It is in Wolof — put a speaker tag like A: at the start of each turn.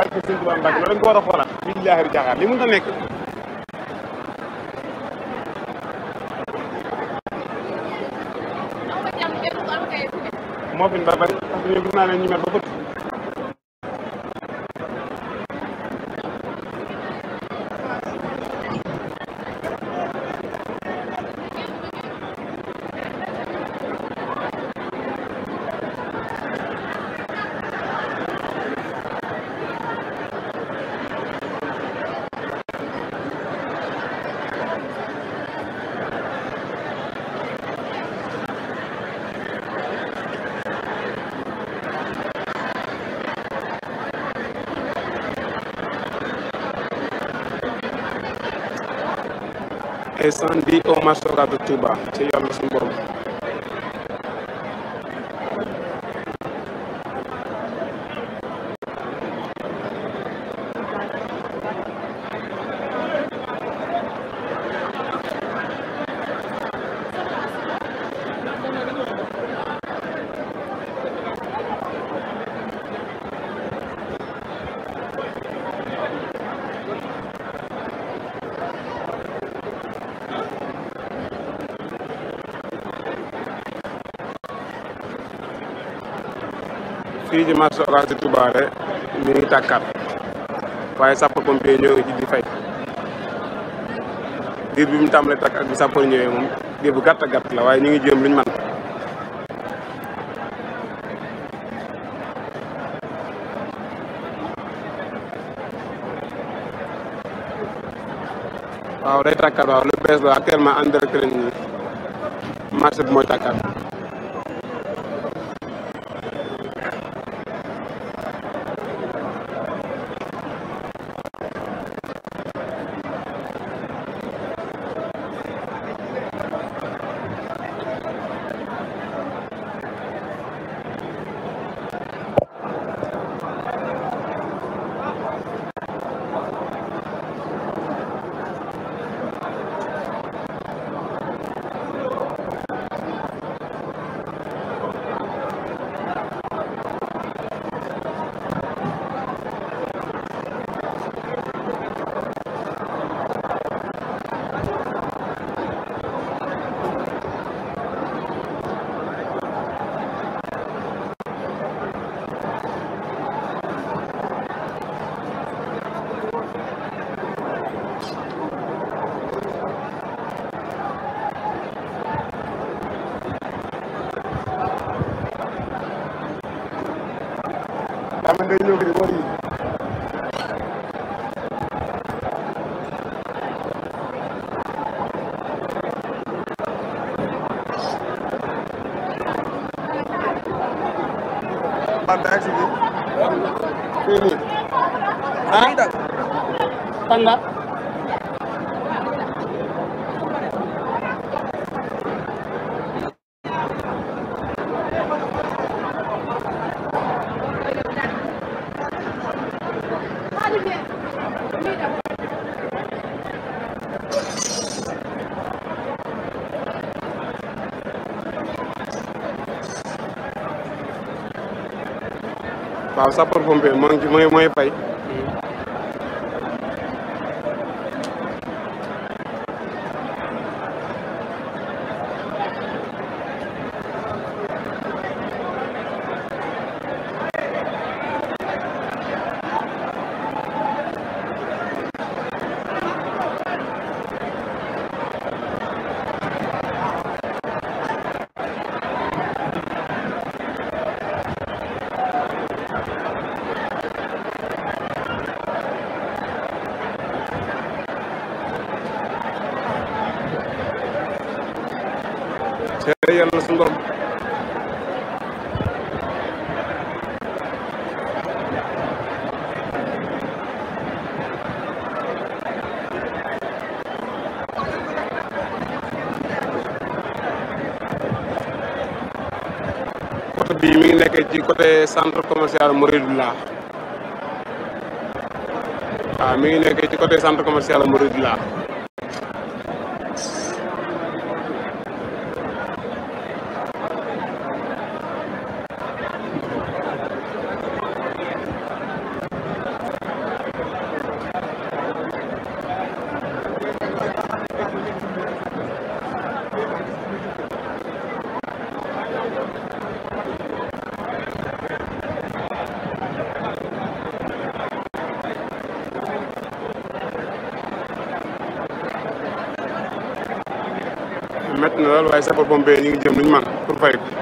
A: barke sëñ Tuubaa Mbàkke loolu dañ ko war a xoolaat billaahi du jaaxaar li mënut a nekk moo fi ñu bari parce que ñun gis naa ne ñu mel ba fët incendie au Masora de Touba ci yàlla suñu borom fii ci marché Ocass Touba de mi ngi tàkkaat waaye sapeur pompier ñoo ngi ci di fay diir bi mu tàmbalee tàkk ak bi sapeur ñëwee moom diir bu gàtt gàtt la waaye ñu ngi jéem luñ man waaw day tàkkaat waaw lu bees la actuellement en direct lañ marché mooy tàkkaat bànqaay si biir fii nii ah tànga waaw sapeur pompier moo ngi ci mooy mooy fay Ngom oto bi mu ngi nekk ci côté centre commercial Mouridoulah waaw mi ngi nekk ci côté centre commercial Mouridoulah métti na loolu ay sapeur pompier ñu ngi jëm lu ñu man pour fay